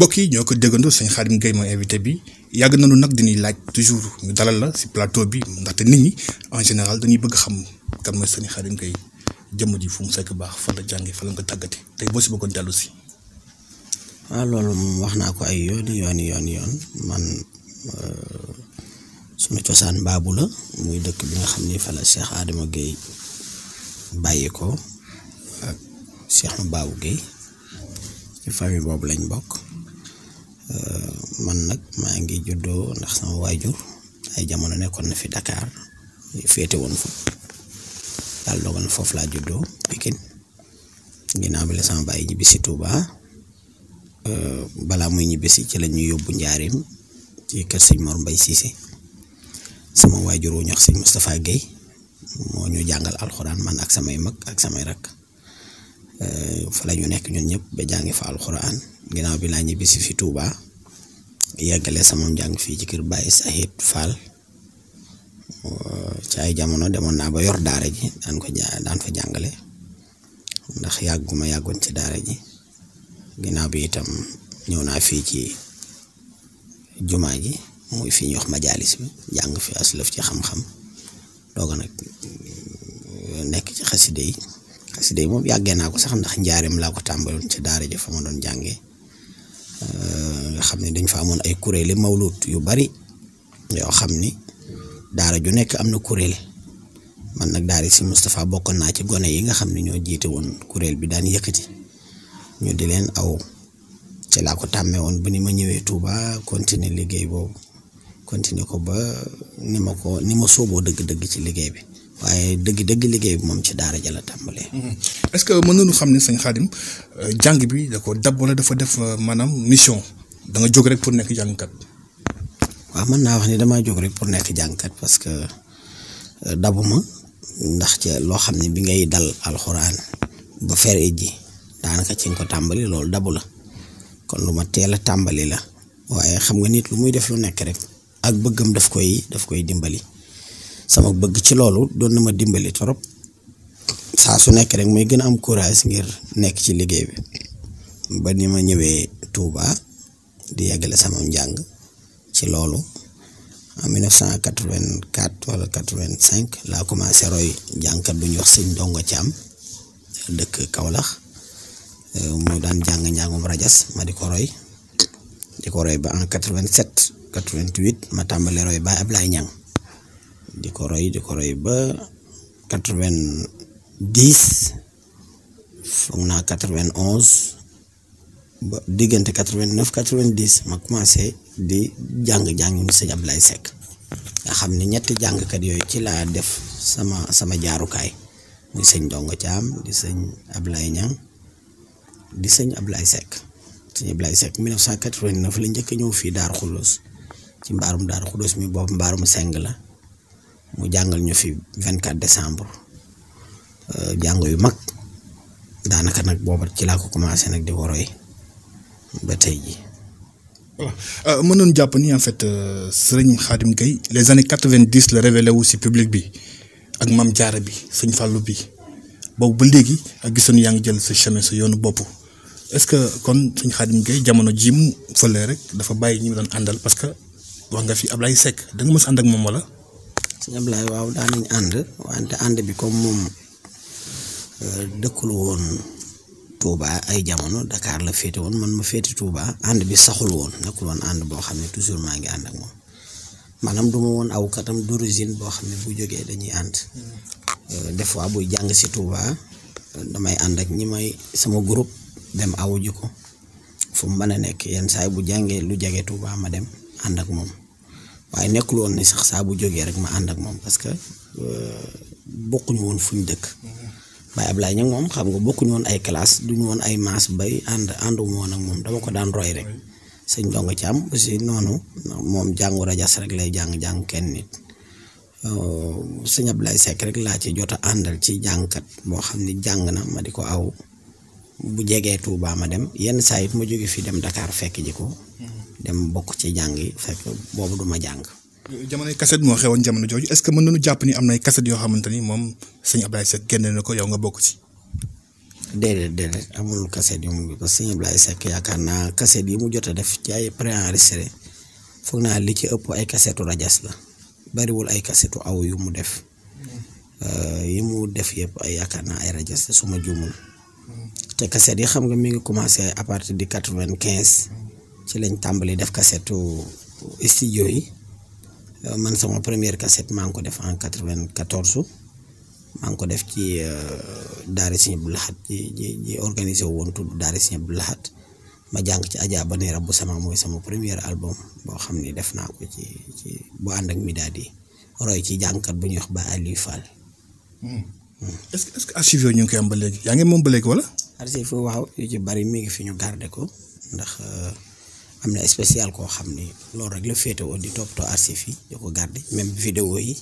mbokk yi ñoo ko déggandoo sëñ Xaadim Gueye mooy invité bi yàgg nañu nag dañuy laaj toujours ñu dalal la si plateau bi ndaxte nit ñi en général dañuy bëgg xam kan mooy sëñ Xaadim jëmm ji fu mu fekk baax fa la jàngee fa la nga tàggate tey boo si bëggoon dellu si. Ah, loolu moom wax naa ko ay yooni yooni yooni yoon man euh, suma cosaan baabu la muy dëkk bi nga xam ni fa la Cheikh Adama Gueye bàyyi ko ak Cheikh Mabaabu Gueye ci famille boobu lañ bokk. Euh, man nag maa ngi juddoo ndax sama waajur ay jamono nekkoon na fi Dakar féete woon fa yàlla dogal na foofu laa juddoo Pikine ginnaaw bi la sama bàyyi ñibbisi Touba euh, balaa muy ñibbisi ci la ñuy yóbbu njaariñ ci kër sëñ Mor Mbay Siise sama waajur wu ñox sëñ Moustapha Guèye moo ñu jàngal alxuraan man ak samay mag ak samay rakk Eh, fa la ñu nekk ñun ñëpp ba jàngi fa alxuraan ginnaaw bi laa ñibbisi fi Touba yeggale sama njàng fii ci kër Baye Sahid Fall ci ay jamono demoon naa ba yor daara ji daan ko ja daan fa jàngale ndax yàgguma yàggoon ci daara ji ginaaw bi itam ñëw naa fii ci jumaa ji muy fi ñuy wax majalis bi jàng fi aslaf ci xam-xam dooga nag mm, nekk ci xaside yi xasida yi moom yàggee naa ko sax ndax njaareem laa ko tàmbaloon ca daara ja fa ma doon jàngee euh, nga xam ne dañ fa amoon ay kuréeli mawlut yu bari yoo xam ni daara ju nekk am na kuréel man nag daara si Moustapha bokkoon naa ci gone yi nga xam ne ñoo jiite woon kuréel bi daan yëkkati ñu di leen aw ci laa ko tàmmee woon bu ni ma ñëwee Touba continuer liggéey boobu continuer ko ba ni ma ko ni ma sooboo dëgg-dëgg ci liggéey bi waaye dëgg dëgg liggéey bi moom ci daara jal la tàmbalee. Mm-hmm. est-ce que mën nañu xam ne sëñ Xaadim euh, jàng bi da ko dab wala dafa def euh, maanaam mission da jóg rek pour nekk jàngkat. waaw mën naa wax ni damaa jóg rek pour nekk jàngkat parce que euh, dabuma ndax ci loo xam ne bi ngay dal alxuraan ba fer ji daanaka ci nga ko tàmbali loolu dabu la kon lu ma teel a tàmbali la waaye xam nga nit lu muy def lu nekk rek ak bëggam daf koy daf koy dimbali. sama bëgg ci loolu doon na ma dimbali torop saa su nekkee rek may gën a am courage ngir nekk ci liggéey bi ba ni ma ñëwee Touba di yeggale sama njàng ci loolu en 1984 laa commencé roy jàngkat bu ñuy wax sëñ Ndongo am dëkk Kaolack euh, mu daan jàng njàngum rajas ma di ko roy di ko roy ba en 87 88 ma tàmbali roy ba laay Niang di ko roy di ko roy ba quatre-vingt-dix foog naa quatre diggante quatre-vingt-neuf quatre ma commencé di jàng jàngu ni sëñ Ablaye Seck nga xam ni ñett jàngkat yooyu ci laa def sama sama jaarukaay muy sëñ Ndongo Thiam di sëñ Ablaye Niang di sëñ Ablaye Seck sëñ Ablaye Seck 1989 la njëkk a ñëw fii Daaru Xuloos ci mbaarum Daaru Xuloos mi boobu mbaarum seng la mu jàngal ñu fi 24 décembre euh, jàngo yu mag daanaka nag booba ci laa ko commencé nag di woroy ba tey ji euh, mënoon jàpp ni en fait euh, sëriñ Khadim Gueye les années quatre vingt la révélé wu si public bi ak Mame Diarra bi sëñ Fallou bi boobu ba léegi ak gisoon yaa ngi jël sa chemin sa yoonu bopp est-ce que kon sëñ Khadim Gueye jamono jii mu fële rek dafa bàyyi ñi mu doon àndal parce que wax nga fi Ablaye Seck da nga mës ànd ak moom wala. sëñ Ablaye waaw daan ànd wante ànd bi comme moom euh, dëkkul woon Touba ay jamono dakaar la féete woon man ma féete tuubaa ànd bi saxul woon nekkul woon ànd boo xam ne toujours maa ngi ànd ak moom maanaam du woon aw katam d'origine boo xam ne bu jógee dañuy ànd euh, des fois buy jàng si Touba damay ànd ak ñi may sama groupe dem awu ji ko fu mu mën a nekk yenn saay bu jàngee lu jege Touba ma dem ànd ak moom. waaye nekkul woon ni sax saa bu jógee rek ma ànd ak moom parce que euh, bokkuñu woon fu ñu dëkk waaye Ablaye ñag moom xam nga bokkuñu woon ay classe duñu woon ay maas bay ànd ànduma woon ak moom dama ko daan roy rek sëñ Ndongo am aussi noonu moom jàngu rajas rek lay jàng-jàng kenn nit euh, sëñ Ablaye Seck rek laa ci jot àndal ci jàngkat moo xam ni jàng na ma di ko aw bu jegee tuubaa ma dem yenn saa it ma jóge fii dem Dakar fekk ji ko dem bokk ci jàng yi fekk boobu du ma jàng. jamonoy kaset moo xewoon jamono jooju est que mën nañu jàpp ni am nay kaset yoo xamante ni moom sëñ Ablaye Seck génne na ko yow nga bokk ci. déedéet déedéet amul kaset yu mu parce que sëñ yaakaar naa kaset yi mu jot a def ci ay préenregistré foog naa li ci ëpp ay kasetu rajas la bariwul ay kasetu aw yu mu def euh, yi mu def yëpp ay yaakaar naa ay rajas la su ma mm-hmm. te kaset yi xam nga mi ngi commencé à partir de quatre-vingt-quinze ci lañ tàmbali def kasetu studio yi euh, man sama première casette maa ngi ko def en quatre-vingt-quatorze maa ngi ko def ci euh, daara Sëñ bu Lahad ji ji ji wu woon tudd daara Sëñ Abdou Lahad ma jàng ci Adja Banera bu sama mooy sama premier album boo xam ni def naa ko ci ci bu ànd ak mi daal di roy ci jàngkat bu ñuy wax ba Aliou Fall. Hmm. Hmm. est-ce que est-ce que archive yooyu ñu ngi koy am ba léegi yaa ngi moom ba léegi wala. archive waaw yu ci bari mi ngi fi ñu garder ko ndax. Euh, am na spécial koo xam ni loolu rek la féetewoo di toppatoo archive yi di ko garder même vidéo yi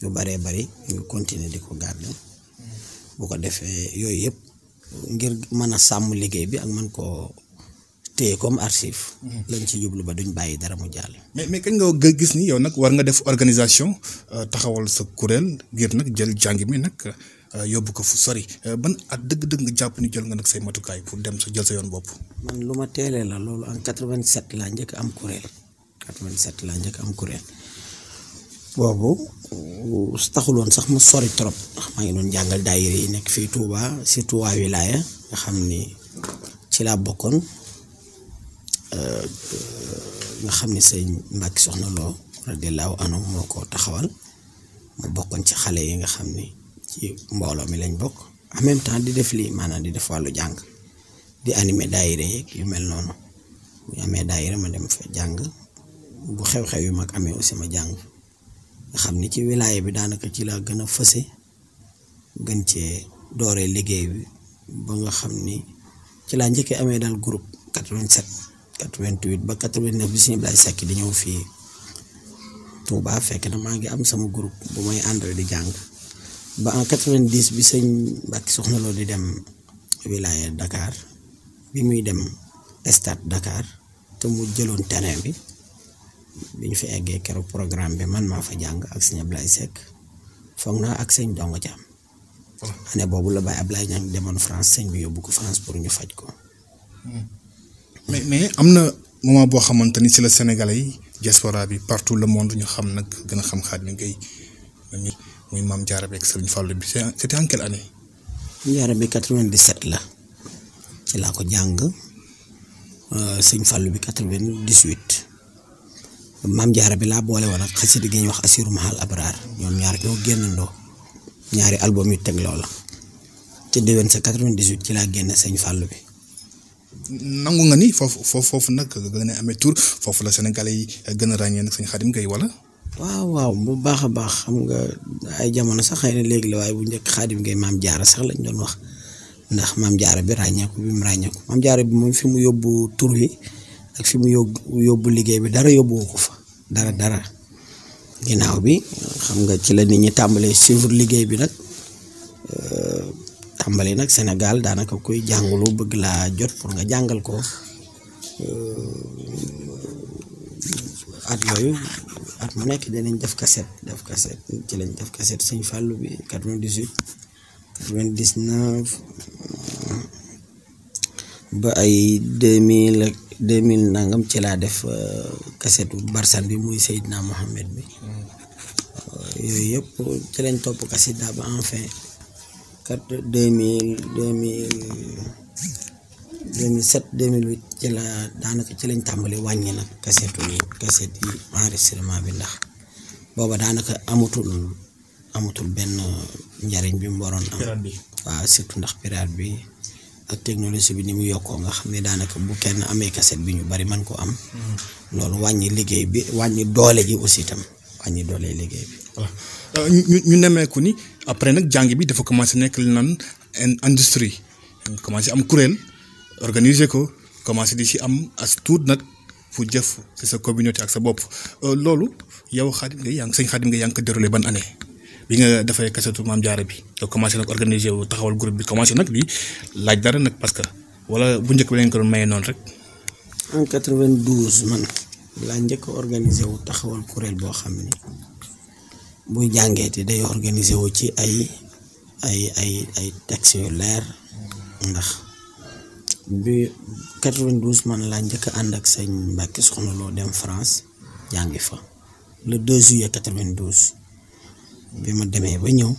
yu baree bari ñu continuer di ko garder bu ko defee yooyu yëpp ngir mën a sàmm liggéey bi ak mën koo téye comme archive mm-hmm. lañ ci jublu ba duñ bàyyi dara mu jàll. mais mais kañ nga gis ni yow nag war nga def organisation euh, taxawal sa kuréel ngir nag jël jàng mi nag. Euh, yóbbu ko fu sori euh, ban ak dëgg-dëgg nga jàpp ni jël nga nag say matukaay pour dem sa jël sa yoon bopp. man lu ma teelee la loolu en 87 laa njëkk am kuréel 87 laa njëkk am kuréel boobu euh, taxuloon sax mu sori trop ndax maa ngi doon jàngal daayira yi nekk fii Touba surtout waa wilaya nga xam ni ci laa bokkoon nga xam ni sëñ Mbàkke soxna loo radiallahu anhu moo ko taxawal mu bokkoon ci xale yi nga xam ni ci mbooloo mi lañ bokk en même temps di def lii maanaa di def wàllu jàng di animé daayira yeeg yu mel noonu bu ñu amee daayira ma dem fa jàng bu xew-xew yu mag amee aussi ma jàng nga xam ni ci wilaya bi daanaka ci laa gën a fëse gën cee dooree liggéey bi ba nga xam ni ci laa njëkkee amee daal group 87 88 ba 89 bi suñu Blaye Seck di ñëw fii Touba fekk na maa ngi am sama groupe bu may àndal di jàng ba en quatre-vingt-dix bi sëñ Mbàkke Soxna loolu di dem wilaya dakaar bi muy dem stade dakaar te mu jëloon terrain bi bi ñu fi eggee keroog programme bi man maa fa jàng ak sëñ Ablaye Seck foog naa ak sëñ Dongo Caam ah. année boobu la Baye Ablaye Niang demoon France sëñ bi yóbbu ko France pour ñu faj ko. Hmm. mais mais am na moment boo xamante ni ci la Sénégalais yi diaspora bi partout le monde ñu xam nag gën a xam Khadim Gueye muy maam Diarra beeg Serigne Fallou bi c'était en quelle année. maam Diarra bi 97 la ci laa jàng euh, sëñ Fallou bi 98 maam Diarra bi laa boole woon ak xasida gi wax Assirou Mahal Abrar ñoom ñaar ñoo génnandoo ñaari album yu teg loola ca déwén sa 98 ci laa génne sëñ fàll bi. nangu nga ni foofu foofu foofu nag gën amee tur foofu la Sénégalais yi gën a ràññee nag sëñ Xadim Gueye wala. waaw waaw bu baax a baax xam nga ay jamono sax xëy na léegi la waaye bu njëkk xaadim ngay maam jaara sax lañ doon wax ndax maam jaara bi ràññeeku bi mu ràññeeku maam jaara bi moom fi mu yóbbu tur wi ak fi mu yóbbu liggéey bi dara yóbbuwoo ko fa dara dara ginnaaw bi xam nga ci la nit ñi tàmbalee suivre liggéey bi nag tàmbali nag senegal daanaka koy jàngulu bëgg laa jot pour nga jàngal ko at yooyu at mu nekk danañ def kaset def kaset ci lañ def kaset sëñ Fallou bi 98 99 ba ay 2000 ak 2000 nangam ci laa def kasetu euh, barsan bi muy Seydina Mohamed bi euh, yooyu yëpp ci lañ topp kaset daa ba enfin quatre 2000 2000 2007 2008 ci la daanaka ci lañ tàmbali wàññi nag kaseetu yi kaseet yi enregistrement bi ndax booba daanaka amatul amatul benn njariñ bi mu waroon am waaw surtout ndax piraat bi ak technologie bi ni mu yokkoo nga xam ne daanaka bu kenn amee kaseet bi ñu bari man ko am mm-hmm. loolu wàññi liggéey bi wàññi doole ji aussi itam wàññi doole liggéey bi euh, ñu ñu nemeeku ni après nag jàng bi dafa commencé nekk li naan industrie commencé am kuréel organiser ko commencé di si am as tuut nag pour jëf ci sa communauté ak sa bopp euh, loolu yow Xaadim nga yaa ngi sëñ Xaadim nga yaa ngi ban année bi nga dafay kasetu maam jaara bi nga commencé nag organiser wu taxawal groupe bi commencé nag di laaj dara nag parce que wala bu njëkk bi lañ ko doon maye noonu rek. en 92 man laa njëkk a organiser taxawal kuréel boo xam ne buy jàngeeti day organiser wu ci ay ay ay ay textes yu leer ndax. bi 92 man laa njëkk ànd ak sëñ Mbàkke Soxna loo dem France jàngi fa le 2 juillet 92 bi ma demee ba ñëw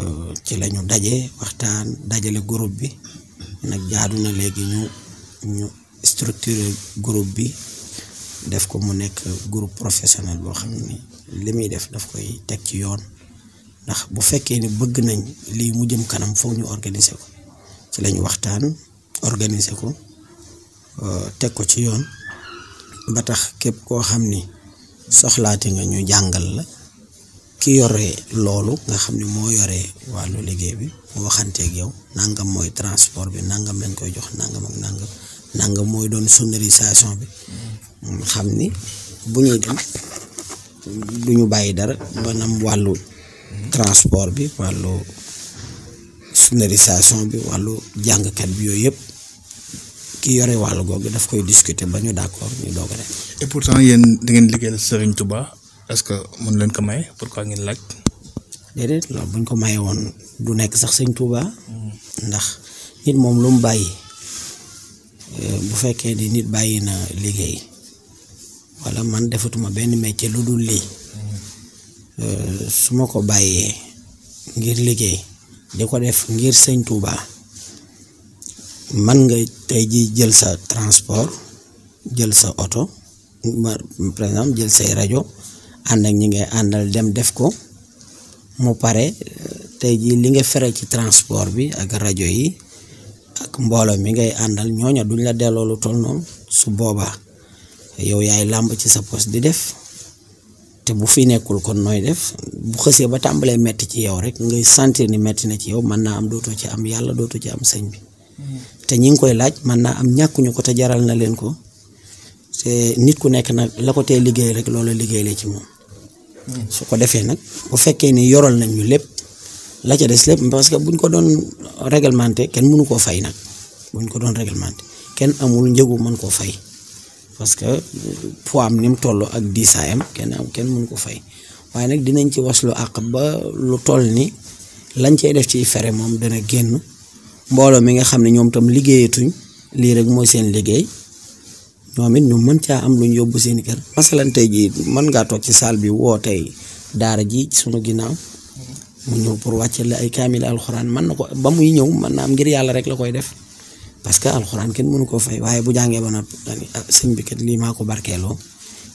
euh, ci la ñu daje waxtaan dajale groupe bi nag jaadu na léegi ñu ñu structuré groupe bi def ko mu nekk groupe professionnel boo xam ni li muy def daf koy teg ci yoon ndax bu fekkee ni bëgg nañ lii mu jëm kanam foog ñu organiser ko. lañu waxtaan organiser ko euh, teg ko ci yoon ba tax képp koo xam ni soxlaati nga ñu jàngal la ki yore loolu nga xam ni moo yore wàllu liggéey bi mu waxanteeg yow nangam mooy transport bi nangam lañ koy jox nangam ak nangam nangam mooy doon sonorisation bi xam ni bu ñuy dem du bàyyi dara maanaam wàllu transport bi wàllu sonorisation bi wàllu jàngkat bi yooyu yëpp ki yore wàllu googu daf koy discuter ba ñu d'accord ñu doog rek. et pourtant yéen da ngeen liggéeyal Serigne Touba que mën leen ko maye pourquoi ngeen laaj. déedéet buñ ko maye woon du nekk sax Serigne Touba. Hmm. ndax nit moom lu mu euh, bu fekkee ni bàyyi na liggéey walla man defatuma benn métier lu dul lii hmm. euh, su ma ko bàyyee ngir liggéey. di ko def ngir sëñ Touba man nga tey ji jël sa transport jël sa oto par exemple jël say rajo ànd ak ñi ngay àndal dem def ko mu pare tey ji li nga fere ci transport bi ak rajo yi ak mbooloo mi ngay àndal ñooña duñ la delloo lu toll noonu su boobaa yow yaay làmb ci sa poste di def te bu fi nekkul kon nooy def bu xësee ba tàmbalee metti ci yow rek ngay sentir ni metti na ci yow mën naa am dootoo ci am yàlla dootoo ci am sëñ bi te ñi ngi koy laaj mën naa am ñàkkuñu ko te jaral na leen ko te nit ku nekk nag la ko tee liggéey rek loola liggéey la ci moom su ko defee nag bu fekkee ni yoral nañu lépp la ca des lépp parce buñ ko doon réglementé kenn mënu koo fay nag buñ ko doon réglementé kenn amul njëgu mën koo fay parce que poids am ni mu toll ak diisaayam kenn am kenn mënu ko fay waaye nag dinañ ci was lu àq ba lu toll ni lañ cay def ci fere moom dana génn mbooloo mi nga xam ne ñoom tam liggéeyatuñ lii rek mooy seen liggéey ñoom it ñu mën caa am luñ yóbbu seen kër masalan tey jii mën ngaa toog ci saal bi woo tey daara ji sunu ginnaaw mu ñëw pour wàcce la ay kaamil alxuraan mën na ko ba muy ñëw mën na am ngir yàlla rek la koy def parce que alxuraan kenn mënu koo fay waaye bu jàngee ba noppi ah, sëñ bi kat lii maa ko barkeeloo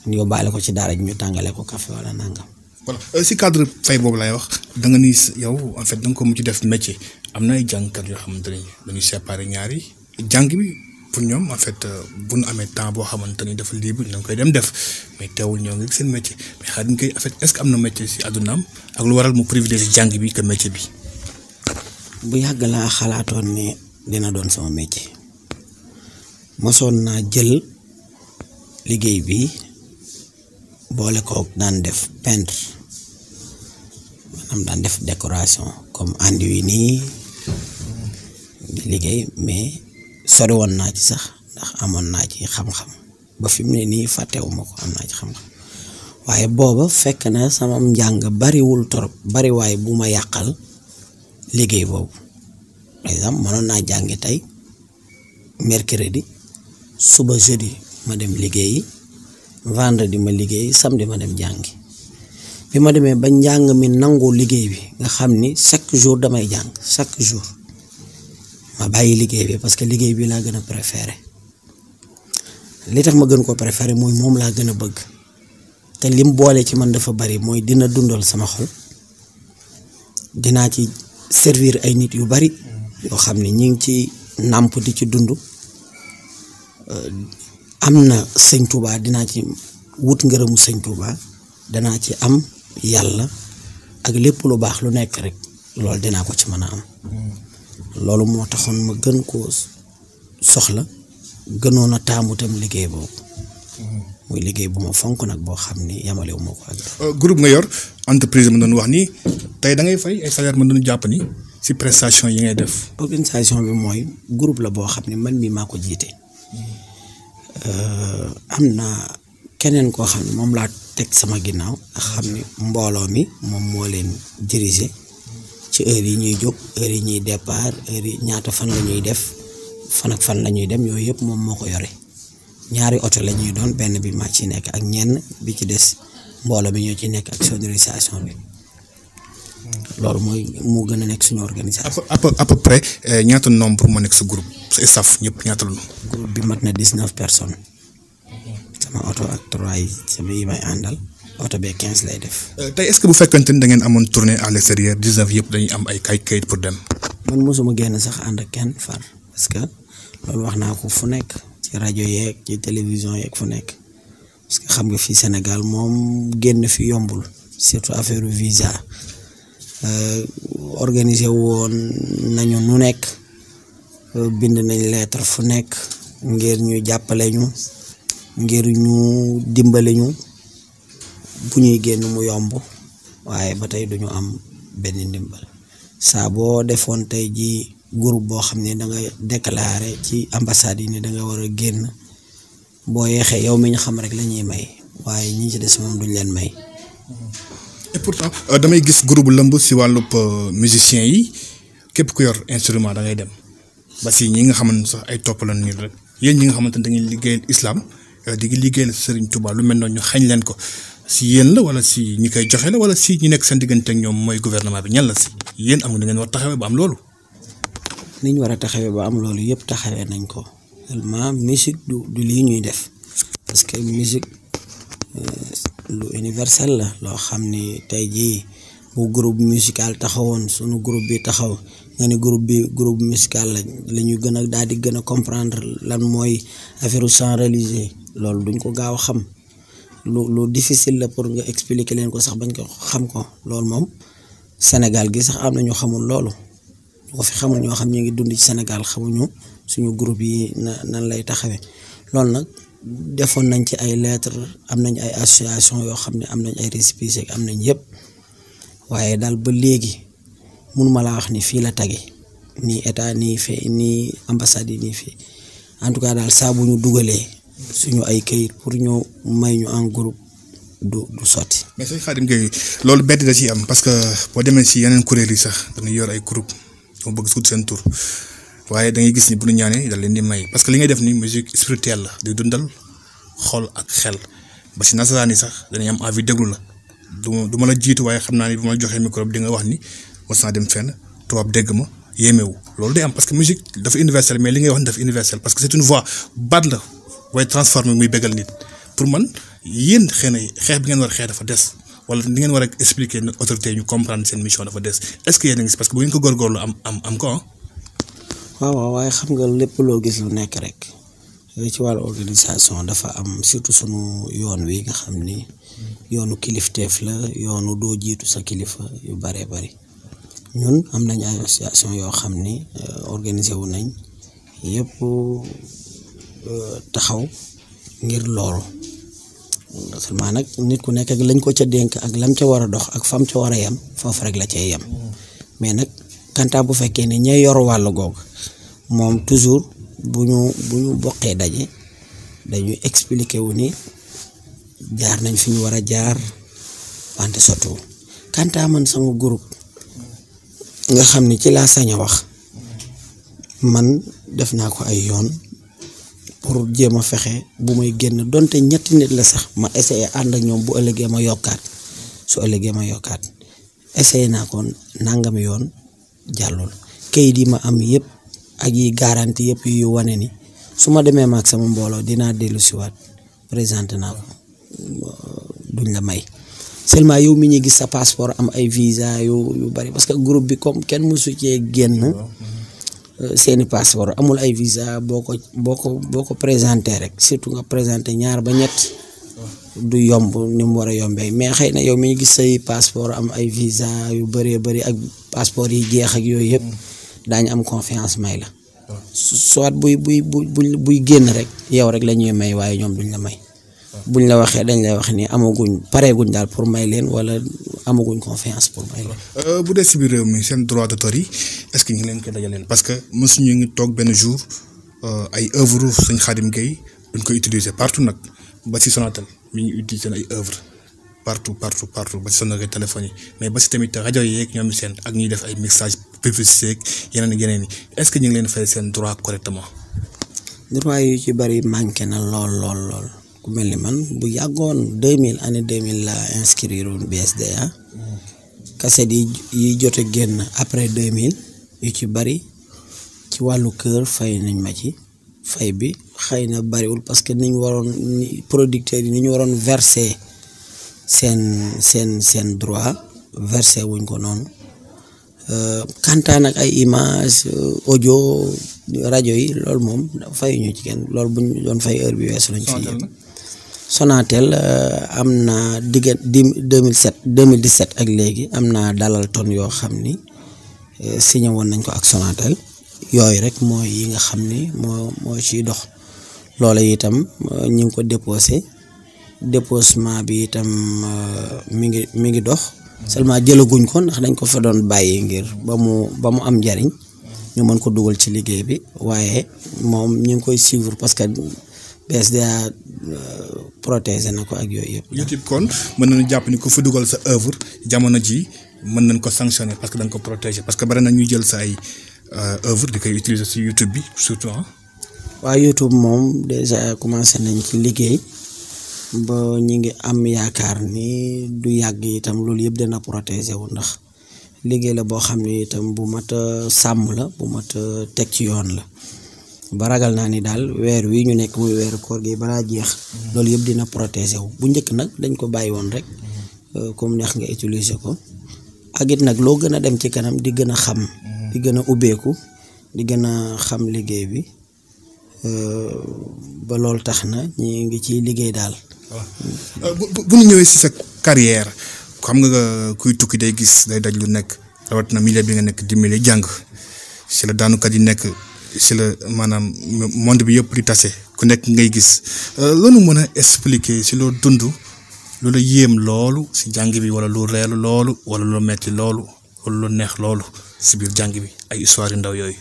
ñu yóbbaale ko ci daara ji ñu tàngale ko café wala nangam. voilà euh, si cadre fay boobu laay wax da nga ni yow en fait da nga ko mujj def métier am na ay jàngkat yoo xamante ne dañuy séparer ñaari jàng bi pour ñoom en fait euh, bu ñu amee temps boo xamante ni dafa libre ñu koy dem def mais teewul ñoo ngi seen métier mais Khadim ce que am na métier si àddunaam ak lu waral mu privilégié jàng bi que métier bi. bu yàgg laa xalaatoon ne dina doon sama métier mosoon naa jël liggéey bi boole kook daan def peintre am daan def décoration comme andi wi nii liggéey mais sori woon naa ci sax ndax amoon naa ci xam-xam ba fi mu ne nii fàttewuma ko am naa ci xam-xam waaye booba fekk na sama njàng bariwul torop bariwaay bu ma yàqal liggéey boobu par exemple mënoon naa jàngi tey mercredi suba jeudi ma dem liggéeyi vendredi ma liggéeyi samedi ma dem jàngi bi ma demee ba njàng mi nangu liggéey bi nga xam ni chaque jour damay jàng chaque jour ma bàyyi liggéey bi parce que liggéey bi laa gën a préféré li tax ma gën ko préféré mooy moom laa gën a bëgg te lim boole ci man dafa bari mooy dina dundal sama xol dinaa ci servir ay nit yu bari yoo xam ne ñi ngi ci nàmp di ci dund euh, am na sëñ Touba dinaa ci wut ngërëmu sëñ Touba danaa ci am yàlla ak lépp lu baax lu nekk rek loolu dinaa ko ci mën a am loolu moo taxoon ma gën ko soxla gënoon a taamu tam liggéey boobu muy liggéey bu ma fonk nag boo xam ni yamalewu ma ko ak euh, groupe nga yor entreprise mu doon wax nii tey da ngay fay ay salaire mu doon jàpp ni ci prestation yi ngay def. organisation bi mooy groupe la boo xam ne man mii maa ko jiite euh, am na keneen koo xam ne moom laa teg sama ginnaaw nga xam ne mbooloo mi moom moo leen diriger ci heure yi ñuy jóg heure yi ñuy départ heure yi ñaata fan la ñuy def fan ak fan la ñuy dem yooyu yëpp moom moo ko yore ñaari oto la ñuy doon benn bi maa ci nekk ak ñenn bi ci des mbooloo mi ñoo ci nekk ak sonorisation bi. loolu mooy moo gën a nekk suñu organisation. à peu à peu près euh, ñaata nombre moo nekk sa group sa staff ñëpp ñaata la. groupe bi mat na dix neuf personne sama oto ak trois yi sama yi may àndal oto bee quinze lay def. Euh, tey est ce que bu fekkente ni da ngeen amoon tournée à l' extérieur dix neuf yëpp dañuy am ay kay kayit pour dem. man mosuma génn sax ànd ak kenn far parce que loolu wax naa ko fu nekk ci rajo yeeg ci télévision yeeg fu nekk parce xam nga fii Sénégal moom génn fi yombul surtout affaire visa. Euh, organisé woon nañu nu nekk bind nañ lettre fu nekk ngir ñu jàppale ñu ngir ñu dimbali ñu bu ñuy génn mu yomb waaye ba tey duñu am benn ndimbal saa boo defoon tey ji groupe boo xam ne da nga ci ambassade yi ne da nga war a génn boo yeexee yow mi ñu xam rek lañuy may waaye ñu ci des moom duñ leen may et pourtant euh, damay gis groupe lëmb si wàllub euh, musiciens yi képp ku yor instrument da ngay dem ba si ñi nga xaman sax ay topp la rek yéen ñi nga xamante ne da ngeen liggéeyal islam euh, di ngi liggéeyal Serigne lu mel noonu ñu xañ leen ko si yéen wala si ñi koy joxe la wala si ñu nekk seen diggante ak ñoom mooy gouvernement bi ñan la si yéen am nga ngeen war taxawee ba am loolu. ni ñu war a taxawee ba am loolu yëpp taxawee nañ ko seulement musique du du lii ñuy def parce que musique lu universel la loo xam ni tey jii bu groupe musical taxawoon suñu groupe bi taxaw nga ni groupe bi groupe musical lañ la ñu gën a daal di gën a comprendre lan mooy affaire sans religieux loolu duñ ko gaaw a xam lu lu difficile la pour nga expliquer leen ko sax bañ ko xam ko loolu moom Sénégal gi sax am na xamul loolu ñu ko fi xamul ñoo xam ñu ngi dund ci Sénégal xamuñu suñu groupe yi na nan lay taxawee loolu nag defoon nañ ci ay lettre am nañ ay association yoo xam ne am nañ ay récépissé am nañ yëpp waaye daal ba léegi mënuma ma laa wax ni fii la tagi nii état nii fii nii ambassade yi nii fii en tout cas daal saa bu ñu dugalee suñu ay këyit pour ñu may ñu en groupe du du sotti. mais sëñ Khadim Gueye loolu bett da ciy am parce que boo demee si yeneen kuréel yi sax dana yor ay groupe moo bëgg suut seen tur. waaye da ngay gis ni bu ñu ñaanee da leen di may parce que li ngay def ni musique spirituelle la di dundal xol ak xel ba si nasaraan yi sax danañ am envie déglu la du ma la jiitu waaye xam naa ni bu ma joxee micro bi di nga wax ni was naa dem fenn tubaab dégg ma yéemewu loolu day am parce que musique dafa universel mais li ngay wax ni dafa universel parce que c'est une voix baat la waaye transformé muy bégal nit pour man yéen na xeex bi ngeen war a xeex dafa des wala ni ngeen war a expliquer autorité ñu comprendre seen mission dafa des est-ce que a ngi si parce que bu ngeen waaw waaye xam nga lépp loo gis lu nekk rek ci wàllu organisation dafa am surtout sunu yoon wi nga xam ni yoonu kilifteef la yoonu doo jiitu sa kilifa yu baree bari ñun am nañ ay association yoo xam ni euh, organisé wu nañ yëpp euh, taxaw ngir loolu seulement nag nit ku nekk lañ ko ca dénk ak lam ca war a dox ak fam ca war a yem foofu rek la cay yem mm. mais nag kanta bu fekkee ne ña yor wàll googu moom toujours bu ñu bu ñu boqee daje dañuy expliquer wu ni jaar nañ fi ñu war a jaar wante sottiwul kanta man sama groupe nga xam ni ci laa sañ wax man def naa ko ay yoon pour jéem a fexe bu may génn donte ñetti nit la sax ma essayé ànd ak ñoom bu ëllëgee ma yokkaat su ëllëgee ma yokkaat essayé naa ko nangam yoon jàllul kayit yi ma am yëpp ak yi garanti yëpp yu wane ni su ma demee maak sama mbooloo dinaa dellu siwaat présenté naa ko duñ la may seulement yow mi ñu gis sa passeport am ay visa yu yu bari parce que groupe bi comme kenn musu cee génn euh, seeni passeport amul ay visa boo ko boo ko boo ko présenté rek surtout nga présenté ñaar ba ñett du yomb ni mu war a yombee mais xëy na yow mi ñu gis say passeport am ay visa yu bëree bëri ak passeport yi jeex ak yooyu yëpp daañu am confiance may la soit buy buy buy buy génn rek yow rek la ñuy may waaye ñoom duñ la may buñ la waxee dañ lay wax ni amaguñ pareeguñ daal pour may leen wala amaguñ confiance pour may leen. Euh, bu dee si biir réew mi seen droit d'auteur yi est-ce que ñu ngi leen koy dajaleen parce que mosu ñu ngi toog benn jour euh, ay œuvre Sëñ Xaadim Gueye duñ koy utiliser partout nag. ba si Sonatel mi ngi utiliser seen ay œuvre partout partout partout ba si sonore téléphone yi mais ba si tamit rajo yeeg ñoom seen ak ñuy def ay message publicité yeeg yeneen ak yeneen yi est-ce que ñu ngi leen fay seen droit correctement. droit yu ci bari manqué na lool lool lool ku mel ni man bu yàggoon deux mille année deux mille la inscrire woon BSDA kaset yi yi jote génn après deux mille yu ci bari ci wàllu kër fay nañ ma ci fay bi. xëy na bariwul parce que ni waroon producteurs yi ni ñu waroon verser seen seen seen droit verser wuñ ko noonu euh, kantaan ak ay image ojo euh, rajo yi loolu moom fayuñu jigéen kenn loolu buñ doon fay heure bi weesu lañ fi Sonatel euh, am na diggante deux mille sept deux mille dix sept ak léegi am naa dalal ton yoo xam ni signé woon nañ ko ak Sonatel yooyu rek mooy yi nga xam ni moo moo ciy dox loola itam euh, ñu ngi ko déposé déposement bi itam euh, mi ngi mi ngi dox seulement jëlaguñ ko ndax dañ ko fa doon bàyyi ngir ba mu ba mu am njariñ ñu mën ko dugal ci liggéey bi waaye moom ñu ngi koy suivre parce que BSDA euh, protéger na ko ak yooyu yëpp. YouTube kon mën nañu jàpp ni ko fa dugal sa œuvre jamono ji mën nañ ko sanctionner parce que dañ ko protéger parce que bari na ñuy jël sa ay œuvre di koy utiliser si YouTube bi surtout waa YouTube moom déjà commencé nañ ci liggéey ba ñi ngi am yaakaar ni du yàgg itam loolu yëpp dana protéger wu ndax liggéey la boo xam ne itam bu mat a sàmm la bu mat a teg ci yoon la ba ragal naa ni daal weer wii ñu nekk muy weeru koor gi balaa jeex loolu yëpp dina protéger wu bu njëkk nag dañ ko bàyyi woon rek euh, comme neex nga utiliser ko ak nag loo gën a dem ci kanam di gën a xam di gën a ubbeeku di gën a xam liggéey bi Euh, ba loolu tax na ñu ngi ci liggéey daal. Euh, bu bu ñu ñëwee si sa carrière xam nga euh, kuy tukki day gis day daj lu nekk rawatina milieu bi nga nekk di milieu jàng si la daanukat yi nekk si la maanaam monde bi yëpp di tase ku nekk ngay gis loolu mën a expliquer si loo dund lu la yéem loolu si jàng bi wala lu reelu loolu wala lu metti loolu wala lu neex loolu si biir jàng bi ay histoire yu ndaw yooyu.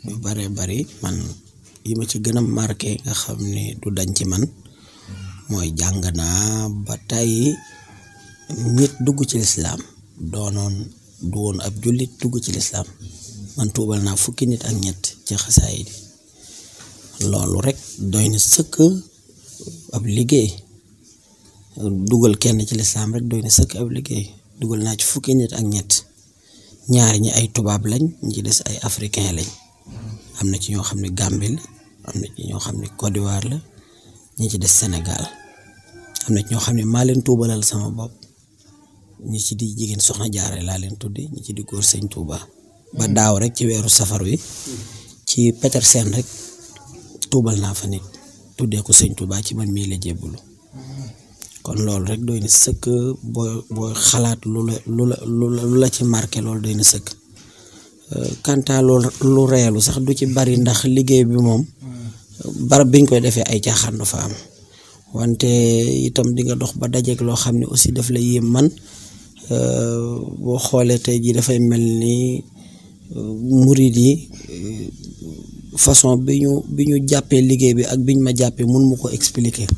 yu bare bari man yi ma ci gën a marqué nga xam ne du dañ ci man mooy jàng naa ba tàyyi nit dugg ci lislaam doonoon du woon ab jullit dugg ci lislaam man tuubal naa fukki nit ak ñett ci loolu rek doy sëkk ab liggéey dugal kenn ci lislaam rek doy na liggéey dugal naa ci fukki nit ak ñett ñaari ñi ay tubaab lañ ñu ci des ay africain lañ am na ci ñoo xam ne Gambie am na ci ñoo xam ne Côte d'Ivoire la ñi ci des Sénégal am na ci ñoo xam ne maa leen tuubalal sama bopp ñi ci di jigéen soxna jaare laa leen tudde ñi ci di góor sëñ Touba. ba hmm. daaw rek ci weeru safar wi hmm. ci Petersen rek tuubal naa fa nit tuddee ko sëñ Touba ci man mii la jébbalu hmm. kon loolu rek doy na sëkk boo booy xalaat lu la lu la lu la ci marqué loolu doy na sëkk kanta lu lu reelu sax du ci bari ndax liggéey bi moom barab biñ koy defee ay caaxaan du fa am wante itam di nga dox ba dajeeg loo xam ne aussi daf lay yéem man euh, boo xoolee tey jii dafay mel ni euh, murid yi euh, façon bi ñu bi ñu jàppee liggéey bi ak biñ ma jàppee mun mu ko expliquer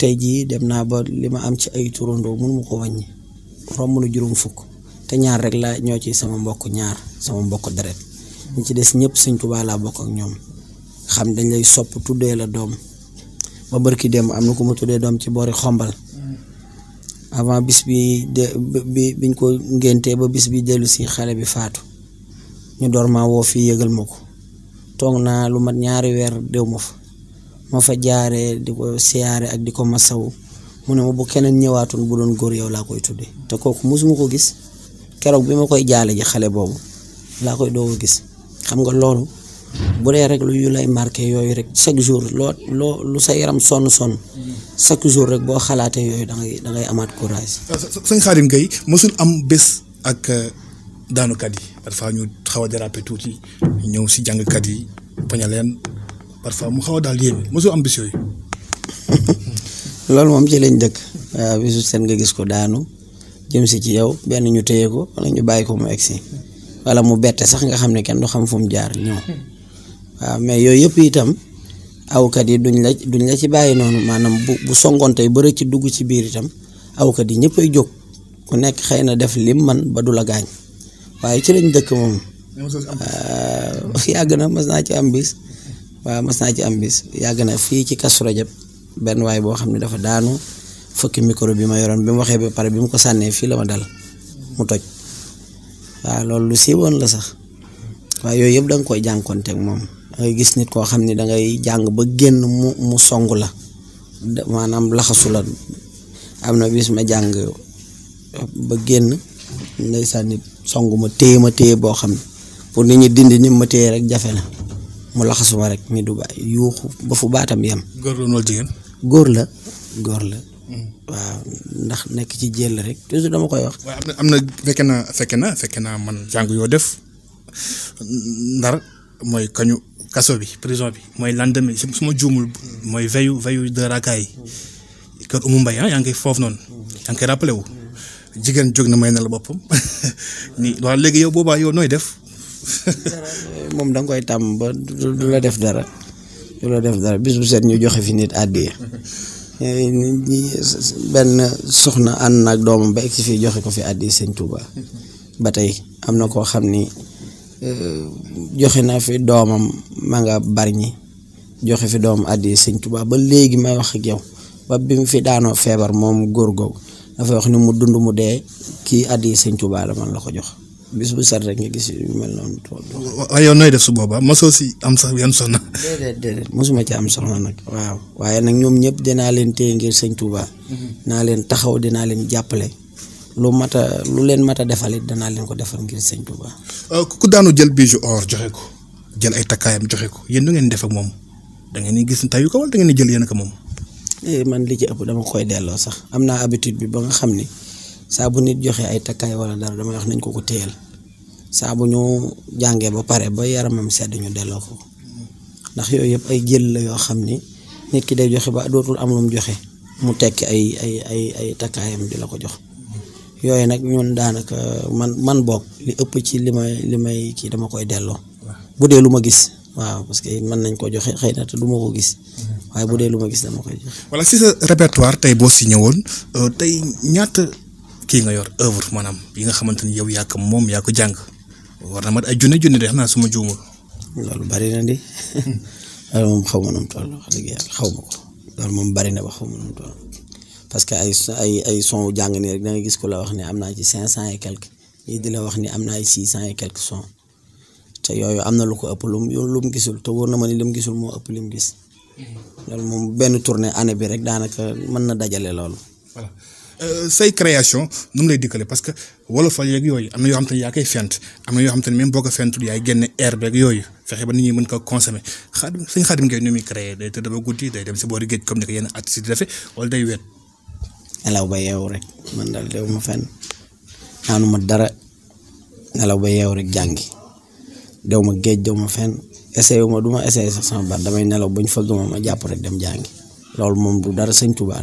tey jii dem naa ba li ma am ci ay turandoo mun mu ko wàññi romb na juróom fukk te ñaar rek la ñoo ci sama mbokk ñaar sama mbokk deret ñi ci des ñëpp sëñ Tuubaa laa bokk ak ñoom xam dañ lay sopp tuddee la doom ba bërki dem am na ku ma tuddee doom ci boori xombal bis bi biñ ko ngéntee ba bis bi dellu si xale bi faatu ñu door ma woo fii yëgal ma ko toog naa lu mat ñaari weer déw ma fa ma fa jaaree di ko siyaare ak di ko masawu mu ne ma bu keneen ñëwaatoon bu doon góor yow laa koy tuddee te kooku mosuma ko gis keroog bi ma koy jaale ji xale boobu laa koy doog a gis xam nga loolu bu dee rek lu yu lay marqué yooyu rek chaque jour loo loo lu sa yaram sonn sonn chaque jour rek boo xalaatee yooyu da ngay da ngay amaat courage. Ah, sëñ Khadim Gueye masul am bés ak euh, daanukat yi parfois ñu xaw a dérapé tuuti ñëw si jàngkat yi bañ a leen parfois mu xaw a daal yéeme mosul am bés yooyu. loolu moom ci lañ dëkk bisu seen nga gis ko daanu. jëm si ci yow benn ñu téye ko wala ñu bàyyi ko mu egsi wala mu bette sax nga xam ne kenn du xam fu mu jaar ñoo waaw mais yooyu yëpp yitam awkat yi duñ la duñ la ci bàyyi noonu maanaam bu bu songoon tey bëri ci dugg ci biir itam awkat yi ñëpp ay jóg ku nekk xëy na def lim man ba du la gaañ waaye ci lañ dëkk moom. yàgg na mas naa ci am bis waaw mas naa ci am bis yàgg na fii ci Kazu Rajab benn waay boo xam ne dafa daanu. fukki micro bi ma yoroon bi mu waxee ba pare bi mu ko sànnee fii la ma dal mu toj waaw loolu lu siiwoon la sax waaye yooyu yëpp da nga koy jànkonteeg moom da gis nit koo xam ne da ngay jàng ba génn mu mu song la maanaam laxasu am na bis ma jàng ba génn ndeysaan nit song ma téye ma téye boo xam ne pour nit ñi dindi ni ma téye rek jafe na mu laxasuma rek ni du bàyyi yuuxu ba fu baatam yem. góor la góor la. waaw ndax nekk ci jël rek toujours dama koy wax. waaw am na am fekke na fekke na fekke naa man jàng yoo def ndar mooy kañu kaso bi prison bi mooy lendemain su ma juumul mooy veyu veyu de raakaay kër Umu Mbay ah, yaa ngi koy foofu noonu yaa ngi koy rappelé wu jigéen jóg na may na la bopp ni waaw léegi yow boobaa yow nooy def. moom da koy tàmm ba du la def dara du la def dara bis bu set ñu joxe fi nit àddiya Eh, benn soxna ànd naag doomam ba si fi joxe ko fi àddi sëñ Touba ba tey am na koo xam ni eh, joxe na fi doomam ma nga bari ñi joxe fi doomam àddi sëñ Touba ba léegi may wax ak yow ba bi mu fi daanoo feebar moom góor googu dafa wax ni mu dund mu dee kii àddi sëñ Touba la man la ko jox bis bu sat rek nga gis yu mel noonu. waaye yow nooy def su booba mosoo si am sax yan soxna. déedéet déedéet mosuma ci am soxna nag waaw waaye nag ñoom ñëpp dinaa leen téye ngir sëñ Touba. Mhm. naa leen taxaw dinaa leen jàppale. lu mat lu leen mat a defal danaa leen ko defal ngir sëñ Touba. Euh, ku daanu jël bijou or joxe ko jël ay takkaayam joxe ko yéen da ngeen def ak moom da ngeen di gis tayu ko wala da ngeen di jël yéen ko moom. Eh, man li ci ëpp dama koy delloo sax am naa habitude bi ba nga xam ni saa bu nit joxe ay takkaay wala dara dama wax nañ ko ko téyel saa bu ñu jàngee ba pare ba yaramam sedd ñu delloo ko ndax yooyu yëpp ay jël la yoo xam ni nit ki day joxe ba dootul am lu joxe mu tekki ay ay ay ay takkaayam di la ko jox yooyu nag ñun daanaka man man boog li ëpp ci li may li may kii dama koy delloo bu dee lu ma gis waaw parce que mën nañ ko joxe xëy na te du ma ko gis waaye bu dee lu ma gis dama koy joxe. voilà si sa répertoire tey boo si ñëwoon euh, tey ñaata kii nga yor œuvre maanaam yi nga xamante ni yow yaa moom yaa ko war na mat ay junne junne de xam naa su ma loolu bari na de loolu moom xaw ma nu mu toll wax dëgg xaw ma ko moom bari na ba xaw ma nu parce que ay ay ay son jàng nii rek da nga gis ko la wax ne am naa ci cinq cent et quelque ñii di la wax ni am naa ay six cent et quelque son te yooyu am na lu ko ëpp lu mu lu mu gisul te wóor na ma ni lu mu gisul moo ëpp li mu gis mm-hmm. loolu moom benn tournée année bi rek daanaka mën na dajale loolu. Euh, say création nu mu lay dikkale parce que wolofal yeeg yooyu am na yoo xam te ne yaa koy fent am na yoo xam te ne boo ko fentul yaay génne air beeg yooyu fexe ba nit ñi mën ko consommer xaadim suñ xaadim ngay nu muy créé day tëdd ba guddi day dem si boori géej comme ni ko yenn artistes di ba yeewu rek man daal dew ma fenn naanu ma dara nelaw ba yeewu rek jàngi dew ma géej dew ma fenn essayé wu ma du ma essayé sax sama baat damay nelaw buñ fëgg ma ma jàpp rek dem jàngi loolu moom du dara sëñ Tuubaa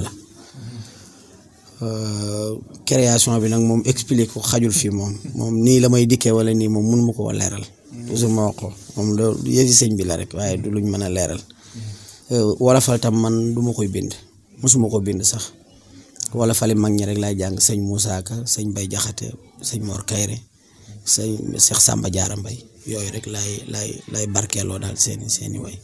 Euh, création bi nag moom explique ko xajul fii moom moom nii la may dikkee wala nii moom mënuma koo leeral toujours ma wax ko moom loolu yëfi sëñ bi la rek waaye du luñ mën a leeral euh, wolofal tam man duma koy bind mosuma ko bind sax wolofali mag ñi rek laay jàng sëñ Moussa Ka sëñ Bay Jaxate sëñ Mor Kayre sëñ Seex Sàmba Mbay yooyu rek laay laay laay barkeeloo daal seeni seeni way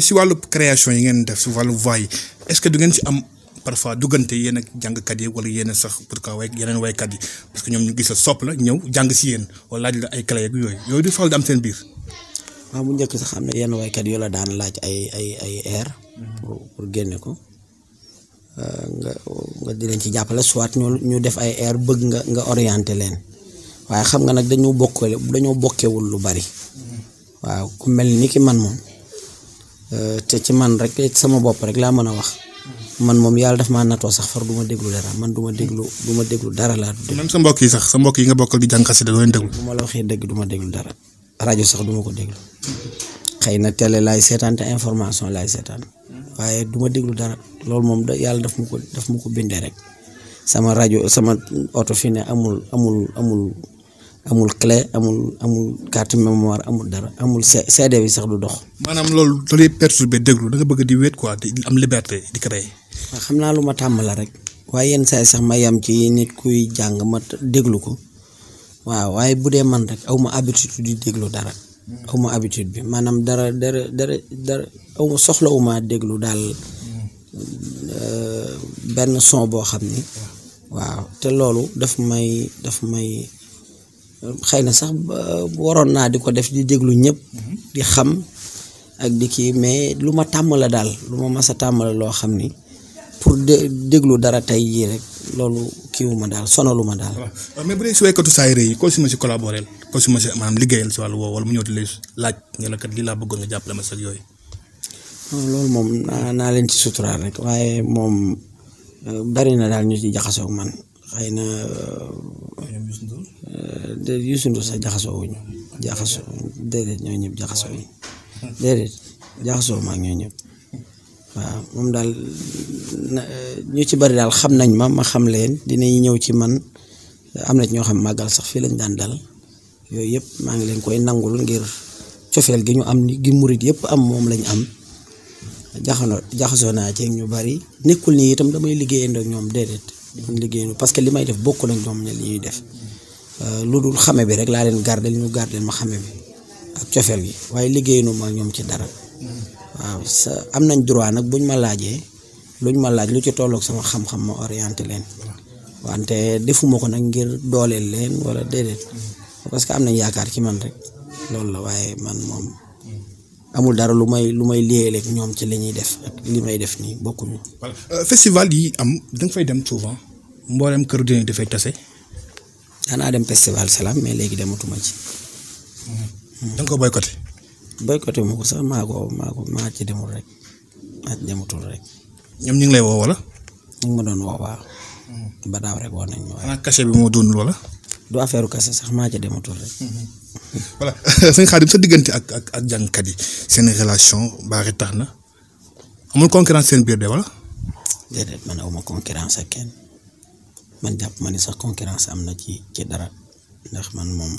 si wàllu création yi ngeen def si wàllu voix est du ngeen si am parfois duggante yéen ak jàngkat yi wala yéen sax pour que way yeneen waykat yi parce que ñoom ñu gis a sopp la ñëw jàng si yéen wala laaj la ay clé ak yooyu yooyu du faral di am bu njëkk sax am na yenn waykat yu la daan laaj ay ay ay air. pour génne ko euh, nga di leen ci jàppale soit ñu ñu def ay air bëgg nga nga orienté leen waaye xam nga nag dañoo bokkale dañoo bokkewul lu bari. waaw ku mel ni ki man moom euh, te ci man rek sama bopp rek laa mën a wax. man moom yàlla daf ma natoo sax far du ma déglu dara man du ma déglu du ma déglu dara laa du même sa mbokk yi sax sa mbokk yi nga bokkal di jàng xasida doo leen déglu bu waxee dëgg du ma déglu dara rajo sax duma ko déglu xëy na télé laay seetaan te information laay seetaan waaye du ma déglu dara loolu moom da yàlla daf ma ko daf ma ko bindee rek sama rajo sama oto fi ne amul amul amul amul clé amul amul carte mémoire amul dara amul CD bi sax du dox. maanaam loolu da lay perturbé déglu da nga bëgg di wéet quoi di am xam naa lu ma tàmm rek waaye yenn saa sax ma yam ci nit kuy jàng ma déglu ko waaw waaye bu dee man rek aw ma habitude di déglu dara. ma habitude bi maanaam dara dara dara dara soxlawuma déglu daal euh, son boo xam ni. waaw te loolu daf may daf may. xëy na sax waroon naa di ko def di déglu ñëpp mhm. di xam ak di kii mais lu ma tàmm la daal lu ma masa a tàmm la loo xam ni pour dé déglu dara tey yii rek loolu kiiwu ma daal sonalu ma daal. waaw mais bu dee si waykatu saayre yi ko si ma si collaborer ko si ma si maanaam liggéeyal si wàllu woowu wala mu ñëw di la laaj nga la kat lii laa bëggoon nga jàppale ma sax yooyu. loolu moom naa naa leen ci suturaal rek waaye moom euh, bari na daal ñu ci jaxasoo man. xëy na. Euh, de Youssou Ndour sax jaxasoo wuñu jaxasoo déedéet ñoo ñëpp jaxasoo wuñu jaxasoo ma ak ñoo ñëpp waaw moom daal euh, ñu ci bari daal xam nañ ma ma xam leen dinañ ñëw ci man am na ñoo xam màggal sax fii lañ daan dal yooyu yëpp maa ngi leen koy nangul ngir cofeel gi ñu am ni gi murit yëpp am moom lañ am jaxano jaxasoo naa ci ñu bari nekkul nii itam damay liggéeyandoo ak ñoom déedéet. man liggéey parce que li may def bokk ak ñoom ne li ñuy def euh, lu dul xame bi rek laa leen garde li ñu garde ma xame bi ak cofeel gi waaye liggéey nu ma ñoom ci dara waaw sa am nañ droit nag buñ ma laajee lu ñu ma laaj lu ci tolloog sama xam-xam ma orienté leen wante defuma ko nag ngir dooleel leen wala déedéet mm-hmm. parce que am nañ yaakaar ci man rek loolu la waaye man moom amul dara lu may lu may liyeeleeg ñoom ci li ñuy def ak li may def nii bokkuñu. Euh, festival yi am da fay dem souvent mbooleem këru diine dafay tase. daanaa dem festival salaam mais léegi dematuma ci. Mmh. da ko boycotté. boycotté ma ko sax maa ko maa ko maa ci demul rek maa ci dematul rek. ñoom ñu ngi lay woo wala. ñu ngi ma doon woo waaw. Mmh. ba daaw rek woon nañ ma. xanaa cachet bi moo doonul wala. du affaire kese sax maa ca dematul rek. voilà sëñ Xaadim sa diggante ak ak ak jàngkat yi seen relation baaxi tax na amul concurrence seen biir de wala. déedéet man awma concurrence jàpp ma ni sax concurrence am na ci ci dara ndax man moom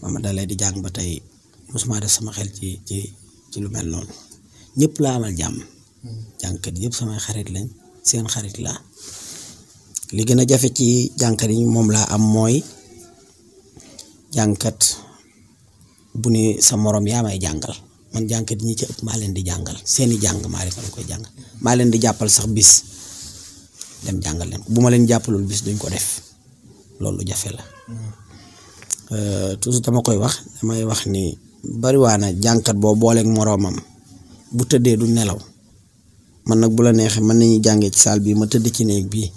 ba ma dalee di jàng ba tey mosuma def sama xel ci ci ci lu mel noonu ñëpp laa amal jàmm. Hmm. jàngkat yëpp samay xarit lañ seen xarit laa. li gën a jafe ci jànkat yi moom laa am mooy jànkat bu ne sa moroom yaa may jàngal man jànkat yi ñi ci ëpp maa leen di jàngal seeni jàng maa leen koy jàngal maa leen di jàppal sax bis dem jàngal leen bu ma leen jàppalul bis duñ ko def loolu jafe la hmm. euh, toujours dama koy wax damay wax ni bariwaana jànkat boo booleeg moroomam bu tëddee du nelaw man nag bu la neexee mën nañuy jàngee ci saal bii ma tëdd ci néeg bii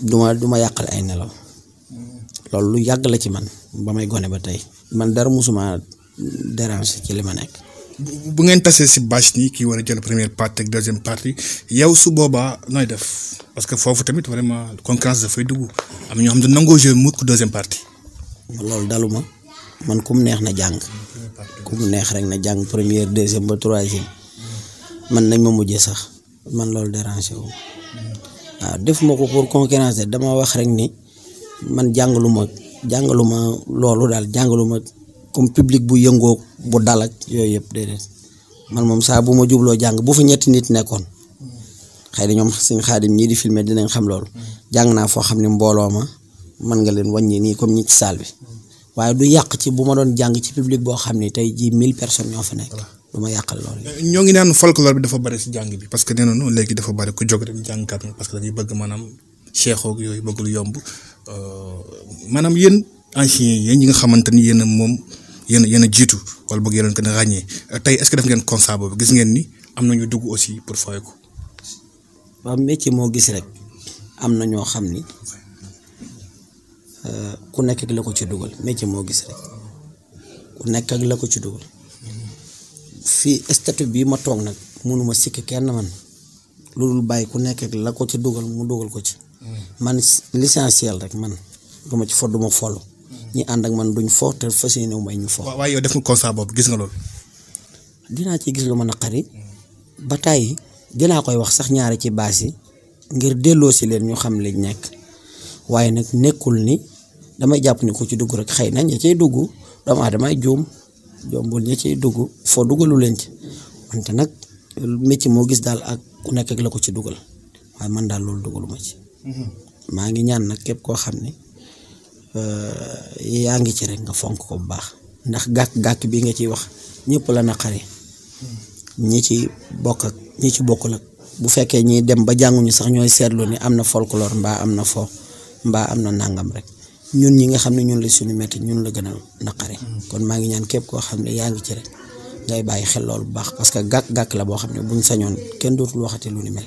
duma duma yàqal ay nelaw loolu lu yàgg la ci man ba may gone ba tey man dara musuma déranger ci li ma nekk bu ngeen tasee si bâche nii kii war a jël première partie ak deuxième partie yow su boobaa nooy def parce que foofu tamit vraiment concurrence dafay dugg am ñoo xam ne nangoo joué mukk deuxième partie. loolu daluma man ku mu neex na jàng ku mu neex rek na jàng première deuxième ba troisième man nañ ma mujjee sax man loolu dérangé wu waaw def ko pour concurrence dama wax rek ni man jàngaluma ma loolu daal jàngaluma comme public bu yëngoo bu dal yooyu yëpp déedéet man moom saa bu ma jubloo jàng bu fa ñetti nit nekkoon xay na ñoom suñ xaadim ñii di filmer dinañ xam loolu jàng naa foo xam ne mbooloo ma mën nga leen wàññi nii comme ñi ci saal bi waaye du yàq ci bu ma doon jàng ci public boo xam ne tey jii mille personnes ñoo fa nekk du yàqal loolu. ñoo ngi naan folklore bi dafa bari si jàng bi parce que nee nañu léegi dafa bari ku jóg rek jàngkat nga parce que dañuy bëgg maanaam seexoog yooyu lu yomb euh, maanaam yéen anciens ñi nga xamante ni yéen moom yéen a jiitu wala bëgg yéen a ràññee tey est-ce que def ngeen constat boobu gis ngeen ni am na dugg aussi pour fooy ko. moo gis rek am na ñoo xam ni euh, ku nekk ak la ko ci dugal métier moo gis rek ku nekk ak la ko ci dugal. fii statut bii ma toog nag mënuma sikk kenn man loolu bàyyi ku nekk la ko ci dugal mu dugal ko ci mm. man l'essentiel rek man duma ci fo duma folo mm. ñi ànd ak man duñ fo te fas yéene may ñu fo waaye yow def nga constat boobu gis nga loolu dinaa ci gis lu a naqari mm. ba tàyyi dinaa koy wax sax ñaari ci baas yi ngir delloo si leen ñu xam lañ nekk waaye nag nekkul ni damay jàpp ni ko ci dugg rek xëy na ña cay dugg doomu aadamay juum jombul ñi ciy dugg foo dugalu leen ci wante nag métier moo gis daal ak ku nekk ak la ko ci dugal waaye man daal loolu dugaluma ci. Mm-hmm. maa ngi ñaan nag képp koo xam ne euh, yaa ngi ci rek nga fonk ko bu baax ndax gàkk gàkk bi nga ciy wax ñépp la naqari mm-hmm. ñi ci bokk ak ñi ci bokk ak bu fekkee ñi dem ba jànguñu sax ñooy seetlu ni am na folklore mbaa am na fo mbaa am na nàngam rek. ñun ñi nga xam ne ñun la suñu métti ñun la gën a naqare kon maa ngi ñaan képp koo xam ne yaa ngi ci rek ngay bàyyi xel loolu bu baax parce que gàkk-gàkk la boo xam ne buñ sañoon kenn dootul waxati lu ni mel.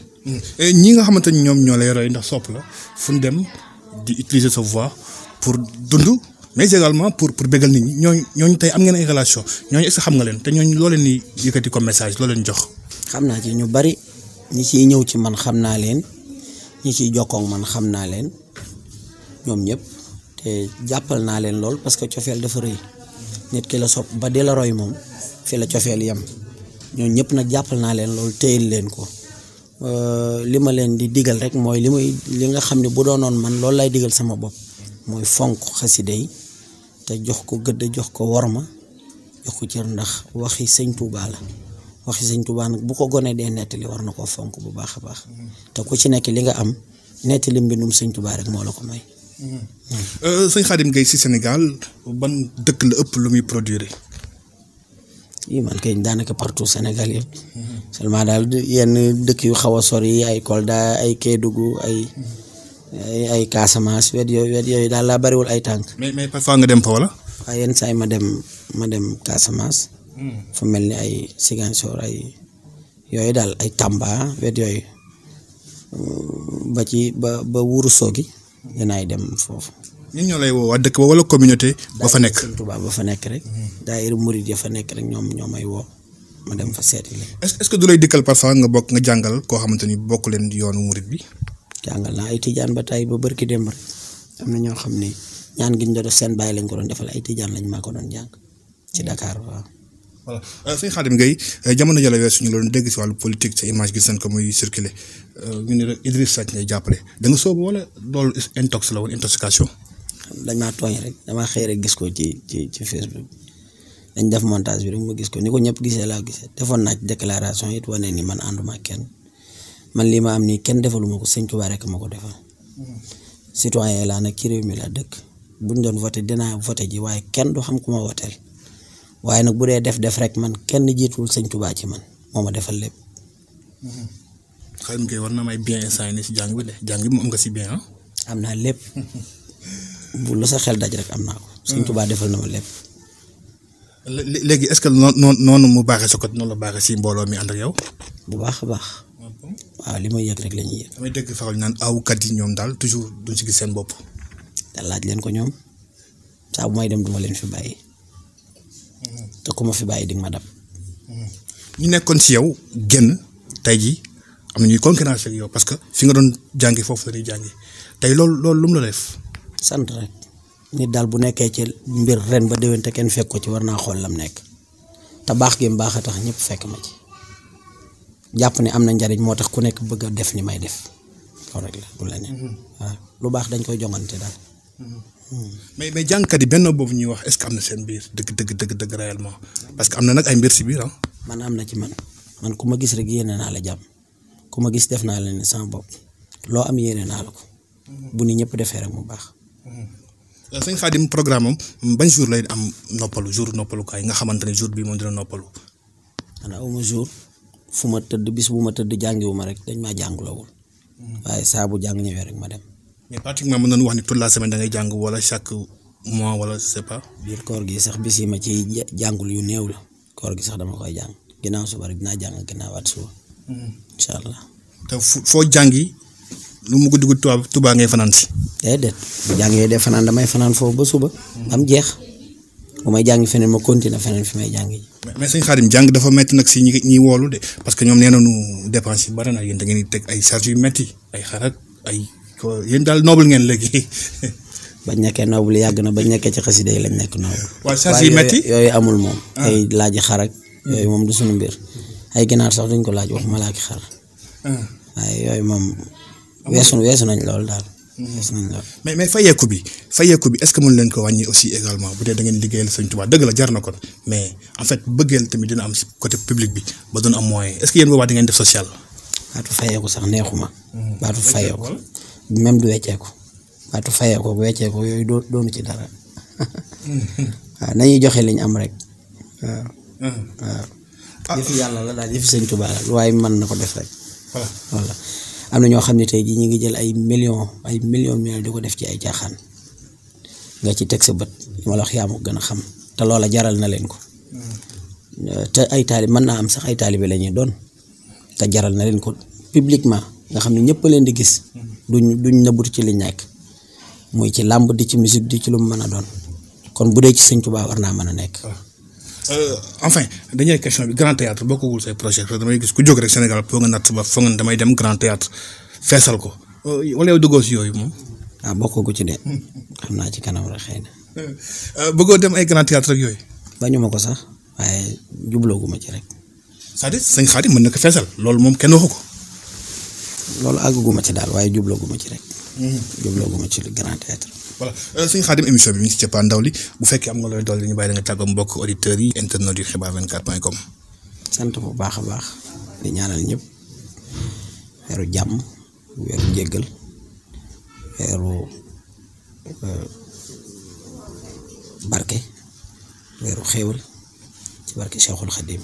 Eh, ñi nga xamante ni ñoom ñoo lay ndax sopp la fu ñu dem di utiliser sa voix pour dund mais également pour pour bégal nit ñi ñooñu ñooñu tey am ngeen ay relation ñooñu est-ce xam nga leen te ñooñ loo leen di yëkkati comme message loo leen jox. xam naa ci ñu bari ñi ciy ñëw ci man xam naa leen ñi ciy jokkoog man xam naa leen ñoom ñëpp. te jàppal naa leen lool parce que cofeel dafa rëy nit ki la sopp ba di la roy moom fi la cofeel yem ñoo ñëpp nag jàppal naa leen loolu téyel leen ko li ma leen di digal rek mooy li muy li nga xam ne bu doonoon man loolu lay digal sama bopp mooy fonk xaside yi te jox ko gëdd jox ko worma jox ko cër ndax waxi sëñ Tuubaa la waxi sëñ Tuubaa nag bu ko gonee dee nettali war na koo fonk bu baax a baax mm-hmm. te ku ci nekk li nga am nettali mbindum sëñ Tuubaa rek moo la ko may Euh, sëñ Khadim Gueye si Sénégal ban dëkk la ëpp lu muy produire. yi man kay daanaka partout Sénégal yëpp. seulement daal yenn dëkk yu xaw a sori ay Kolda ay Kédougou ay. ay Casamance wet yooyu wet yooyu daal laa bariwul ay tànk. mais mais parfois nga dem fa wala. waaw yenn saa yi ma dem ma dem Casamance. Hmm. fu mel ni ay Ziguinchor ay yooyu daal ay Tamba wet yooyu ba ci ba ba Wuro Sogi. ay dem foofu. ñun ñoo lay woo waa dëkk ba wala communauté. ba fa nekk Sëñ Tuubaa ba fa nekk rek. Hmm. daayira murid ya fa nekk rek ñoom ñoom ay woo ma dem fa seeti leen. est-ce que du dikkal parfois nga bokk nga jàngal koo xamante ni bokk leen yoonu murid bi. jàngal naa ay tijaan ba tey ba barki démb rek am na ñoo xam ne ñaan gi ñu doon seen bàyyi lañ ko doon defal ay tijaan lañ maa ko doon jàng ci Dakar waaw. voilà euh, sëñ Khadim ngay euh, jamono jële weesu suñu loolu dégg si wàllu politique sa image gis nañ ko muy circulé euh, ñu ne jàppale da nga soobu wala loolu dañ maa tooñ rek damaa xëy rek gis ko ci ci ci Facebook dañ def montage bi rek ma gis ko ni ko ñëpp gisee laa gisee defoon naa ci déclaration it wanee ni man ànduma kenn man lii ma am nii kenn defaluma ko sëñ Tuubaa rek ma ko defal. Hmm. citoyen laa nag ci réew mi dëkk buñ doon voté dinaa voté ji waaye kenn du xam ku ma woteel waaye nag bu dee def def rek man kenn jiituwul sëñ Tuubaa ci man moo ma defal lépp. Xaadim kay war na may bien instant si jàng bi de jàng bi nga si bien ah. am lépp bu sa xel daj rek am naa ko. sëñ Tuubaa defal na ma lépp. léegi est-ce que noonu noonu mu baaxe sa ko noonu la baaxee si mbooloo mi ànd yow. bu baax a baax. waaw li may yëg rek la ñuy yëg. damay dégg faral naan awkat yi ñoom daal toujours duñ si gis seen bopp. daal laaj leen ko ñoom saa bu may dem duma leen fi bàyyi. te ku ma fi bàyyi di ma dab. ñu nekkoon si yow génn tey jii am na ñuy concurrence yow parce que fi nga doon jàngi foofu la ñuy tey loolu loolu lu mu la def. sant rek nit daal bu nekkee ci mbir ren ba déwén te kenn fekk ko ci war naa xool lam nekk te baax gi mu baax a tax ñëpp fekk ma ci jàpp ni am na njariñ moo tax ku nekk bëgg a def ni may def mhm. lu baax dañ koy joŋante daal. Mhm. mais mais jàngkat yi benn boobu ñuy wax est-ce que am na seen biir dëgg dëgg dëgg dëgg réellement parce que am nag ay mbir si biir ah. man am na ci man man ku ma gis rek yéene naa la jàmm ku ma gis def naa la ne sama bopp loo am yéene naa ko bu ni ñëpp defee rek mu baax. Mm-hmm. Euh, sëñ Khadim programme am bañ jour lay am noppalu jour noppalukaay nga xamante ne jour bii moom dina noppalu. man awma jour fu ma tëdd bis bu ma tëdd jàngiwu rek dañ maa jàngloowul mm-hmm. waaye saa bu jàng ñëwee rek ma dem. mais pratiquement mën nañu wax ni toute la semaine da ngay jàng wala chaque mois wala c'est pas. biir koor gi sax bis yi ma ciy jàngul yu néew la koor gi sax dama koy jàng ginnaaw suba rek dinaa jàng ginnaawaat suba. Hmm. incha allah. te foo jàngi lu mu guddi guddi tubaab tubaa ngay fanaan si. déedéet bu jàngee de fanaan damay fanaan foofu ba suba. am jeex. bu may jàngi feneen ma continuer feneen fi may jàngi. mais sëñ Xaadim jàng dafa métti nag si ñi ñi woolu de parce que ñoom nee na nañu dépense yi bari na yéen da ngeen di teg ay charges yu métti ay xarak ay. ko yéen daal noble ngeen léegi. bañ nekkee noble yàgg na bañ nekkee ci xasida yi lañ nekk noble. waaw charge yi métti yooyu amul moom. Ah. ay laaj xarak hmm. yooyu moom du suñu mbir. ay ginaar sax duñ ko laaj wax malaaki xar. Ah. waaye yooyu moom weesu weesu nañ lool daal. Hmm. mais mais fayeeku bi fayeeku bi est-ce que mën leen ko wàññi aussi également bu dee da ngeen liggéeyal sëñ Tuubaa dëgg la jar na ko mais en fait bëggeel tamit dina am côté public bi ba doon am moyen est-ce que yéen boobaa da ngeen def social. baatu sax neexuma. Hmm. baatu même du wecceeku waaye tu fayee ko wecceeku yooyu doo doonu ci dara waaw nañuy joxe liñ am rek waaw. Hmm. waaw ah. yëfi yàlla la daal yëfi sëñ Tuubaa la waaye mën na ko def rek. voilà am na ñoo xam ne tey jii ñu ngi jël ay million ay millions millions di ko def ci ay caaxaan nga ci teg sa bët li ma la wax yaa gën a xam te loola jaral na leen ko. Hmm. te ay taalib mën naa am sax ay taalibe la ñuy doon te jaral na leen ko publiquement nga xam ne ñëpp leen di gis hmm. duñ duñ nëbbut ci li nekk muy ci làmb di ci musique di ci lu mu mën a doon kon bu dee ci sëñ Tuubaa war naa mën a nekk. Ah. Euh, enfin dañuy question bi grand théâtre bokkagul say projet damay gis ku jóg rek Sénégal foo nga natt suba foo nga damay dem grand théâtre feesal ko euh, wala yow duggoo si yooyu moom. ah bokkagu ci de hmm. xam naa ci kanam rek na. Euh, bëggoo dem ay grand théâtre ak yooyu. bañu ma ko sax waaye jubloogu ma ci rek. c'est-à-dire sëñ Xaadim mën na ko feesal loolu moom kenn waxu ko. loolu àgguma ci daal waaye jublooguma ci rek. Mhm. jublooguma ci grand théâtre. voilà euh, sëñ Khadim émission bi mi ngi si cëppaa ndaw li bu fekkee am nga looy dolli ñu bàyyi la nga tàggoo bokk auditeurs yi internet yu xibaar 24 point com. sant bu baax a baax di ñaanal ñëpp weeru jàmm weeru jéggal weeru euh, barke weeru xéewal ci barke Cheikhul Khadim.